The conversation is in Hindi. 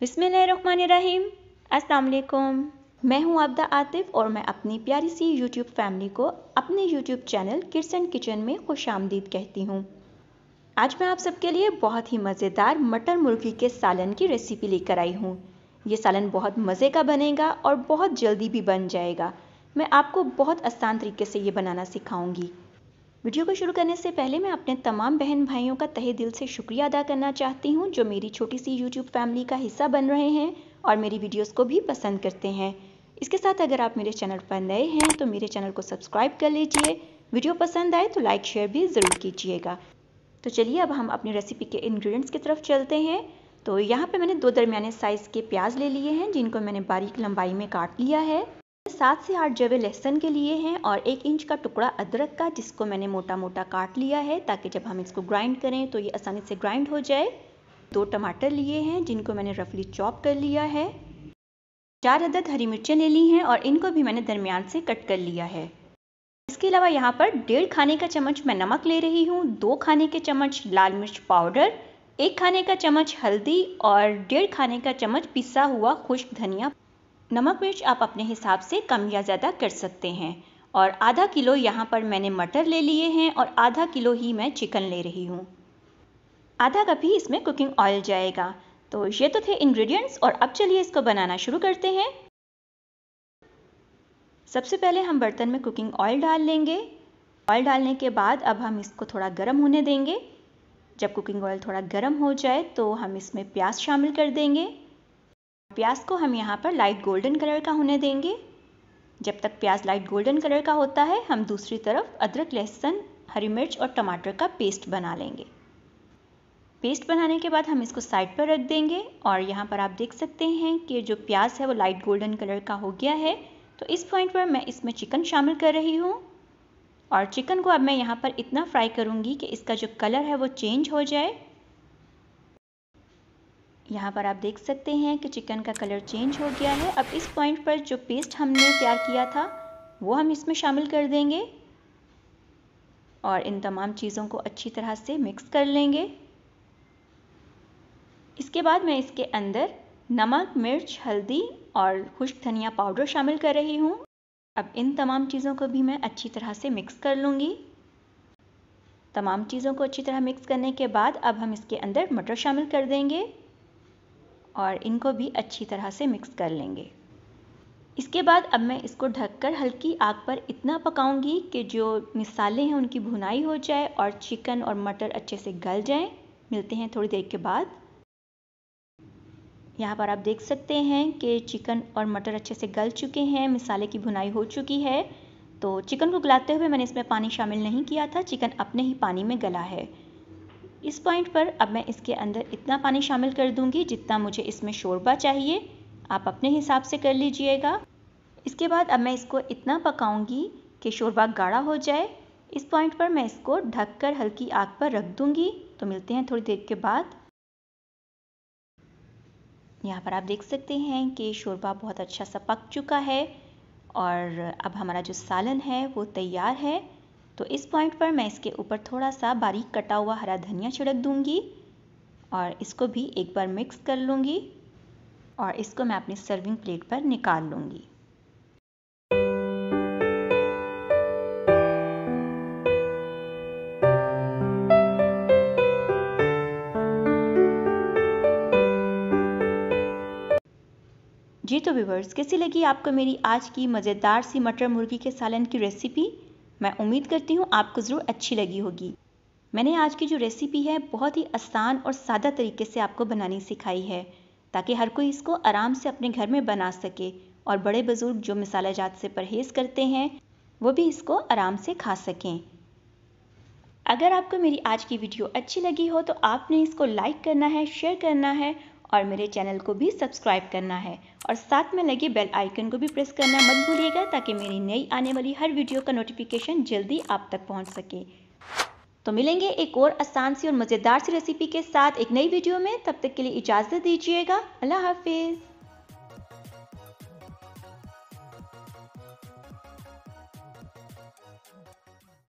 बिसमीम अस्सलाम मैं हूं आबदा आतिफ और मैं अपनी प्यारी सी यूट्यूब फैमिली को अपने YouTube channel kids and kitchen में खुश आमदीद कहती हूं। आज मैं आप सबके लिए बहुत ही मज़ेदार मटर मुर्गी के सालन की रेसिपी लेकर आई हूं। ये सालन बहुत मज़े का बनेगा और बहुत जल्दी भी बन जाएगा मैं आपको बहुत आसान तरीके से ये बनाना सिखाऊँगी वीडियो को शुरू करने से पहले मैं अपने तमाम बहन भाइयों का तहे दिल से शुक्रिया अदा करना चाहती हूँ जो मेरी छोटी सी यूट्यूब फैमिली का हिस्सा बन रहे हैं और मेरी वीडियोस को भी पसंद करते हैं इसके साथ अगर आप मेरे चैनल पर नए हैं तो मेरे चैनल को सब्सक्राइब कर लीजिए वीडियो पसंद आए तो लाइक शेयर भी ज़रूर कीजिएगा तो चलिए अब हम अपनी रेसिपी के इन्ग्रीडियंट्स की तरफ चलते हैं तो यहाँ पर मैंने दो दरमिया साइज़ के प्याज ले लिए हैं जिनको मैंने बारीक लंबाई में काट लिया है सात से आठ जवे लहसन के लिए हैं और एक इंच का टुकड़ा अदरक का जिसको मैंने मोटा मोटा काट लिया है ताकि जब हम इसको ग्राइंड करें तो ये आसानी से ग्राइंड हो जाए दो टमाटर लिए हैं जिनको मैंने रफली चॉप कर लिया है चार अदद हरी मिर्चें ले ली हैं और इनको भी मैंने दरमियान से कट कर लिया है इसके अलावा यहाँ पर डेढ़ खाने का चम्मच मैं नमक ले रही हूँ दो खाने के चम्मच लाल मिर्च पाउडर एक खाने का चम्मच हल्दी और डेढ़ खाने का चम्मच पिसा हुआ खुश्क धनिया नमक मिर्च आप अपने हिसाब से कम या ज़्यादा कर सकते हैं और आधा किलो यहाँ पर मैंने मटर ले लिए हैं और आधा किलो ही मैं चिकन ले रही हूँ आधा कप ही इसमें कुकिंग ऑयल जाएगा तो ये तो थे इंग्रेडिएंट्स और अब चलिए इसको बनाना शुरू करते हैं सबसे पहले हम बर्तन में कुकिंग ऑयल डाल लेंगे ऑयल डालने के बाद अब हम इसको थोड़ा गर्म होने देंगे जब कुकिंग ऑयल थोड़ा गर्म हो जाए तो हम इसमें प्याज शामिल कर देंगे प्याज को हम यहाँ पर लाइट गोल्डन कलर का होने देंगे जब तक प्याज लाइट गोल्डन कलर का होता है हम दूसरी तरफ अदरक लहसुन हरी मिर्च और टमाटर का पेस्ट बना लेंगे पेस्ट बनाने के बाद हम इसको साइड पर रख देंगे और यहाँ पर आप देख सकते हैं कि जो प्याज है वो लाइट गोल्डन कलर का हो गया है तो इस पॉइंट पर मैं इसमें चिकन शामिल कर रही हूँ और चिकन को अब मैं यहाँ पर इतना फ्राई करूँगी कि इसका जो कलर है वो चेंज हो जाए यहाँ पर आप देख सकते हैं कि चिकन का कलर चेंज हो गया है अब इस पॉइंट पर जो पेस्ट हमने तैयार किया था वो हम इसमें शामिल कर देंगे और इन तमाम चीज़ों को अच्छी तरह से मिक्स कर लेंगे इसके बाद मैं इसके अंदर नमक मिर्च हल्दी और खुश्क धनिया पाउडर शामिल कर रही हूँ अब इन तमाम चीज़ों को भी मैं अच्छी तरह से मिक्स कर लूँगी तमाम चीज़ों को अच्छी तरह मिक्स करने के बाद अब हम इसके अंदर मटर शामिल कर देंगे और इनको भी अच्छी तरह से मिक्स कर लेंगे इसके बाद अब मैं इसको ढककर हल्की आग पर इतना पकाऊंगी कि जो मिसाले हैं उनकी भुनाई हो जाए और चिकन और मटर अच्छे से गल जाएं। मिलते हैं थोड़ी देर के बाद यहाँ पर आप देख सकते हैं कि चिकन और मटर अच्छे से गल चुके हैं मिसाले की भुनाई हो चुकी है तो चिकन को गलाते हुए मैंने इसमें पानी शामिल नहीं किया था चिकन अपने ही पानी में गला है इस पॉइंट पर अब मैं इसके अंदर इतना पानी शामिल कर दूंगी जितना मुझे इसमें शोरबा चाहिए आप अपने हिसाब से कर लीजिएगा इसके बाद अब मैं इसको इतना पकाऊंगी कि शोरबा गाढ़ा हो जाए इस पॉइंट पर मैं इसको ढककर हल्की आग पर रख दूंगी तो मिलते हैं थोड़ी देर के बाद यहाँ पर आप देख सकते हैं कि शोरबा बहुत अच्छा सा पक चुका है और अब हमारा जो सालन है वो तैयार है तो इस पॉइंट पर मैं इसके ऊपर थोड़ा सा बारीक कटा हुआ हरा धनिया छिड़क दूंगी और इसको भी एक बार मिक्स कर लूंगी और इसको मैं अपनी सर्विंग प्लेट पर निकाल लूंगी जी तो व्यूवर्स कैसी लगी आपको मेरी आज की मज़ेदार सी मटर मुर्गी के सालन की रेसिपी मैं उम्मीद करती हूँ आपको ज़रूर अच्छी लगी होगी मैंने आज की जो रेसिपी है बहुत ही आसान और सादा तरीके से आपको बनानी सिखाई है ताकि हर कोई इसको आराम से अपने घर में बना सके और बड़े बुज़ुर्ग जो मिसाला जात से परहेज़ करते हैं वो भी इसको आराम से खा सकें अगर आपको मेरी आज की वीडियो अच्छी लगी हो तो आपने इसको लाइक करना है शेयर करना है और मेरे चैनल को भी सब्सक्राइब करना है और साथ में लगे बेल आइकन को भी प्रेस करना मत भूलिएगा ताकि मेरी नई आने वाली हर वीडियो का नोटिफिकेशन जल्दी आप तक पहुंच सके तो मिलेंगे एक और आसान सी और मज़ेदार सी रेसिपी के साथ एक नई वीडियो में तब तक के लिए इजाज़त दीजिएगा अल्लाह हाफिज़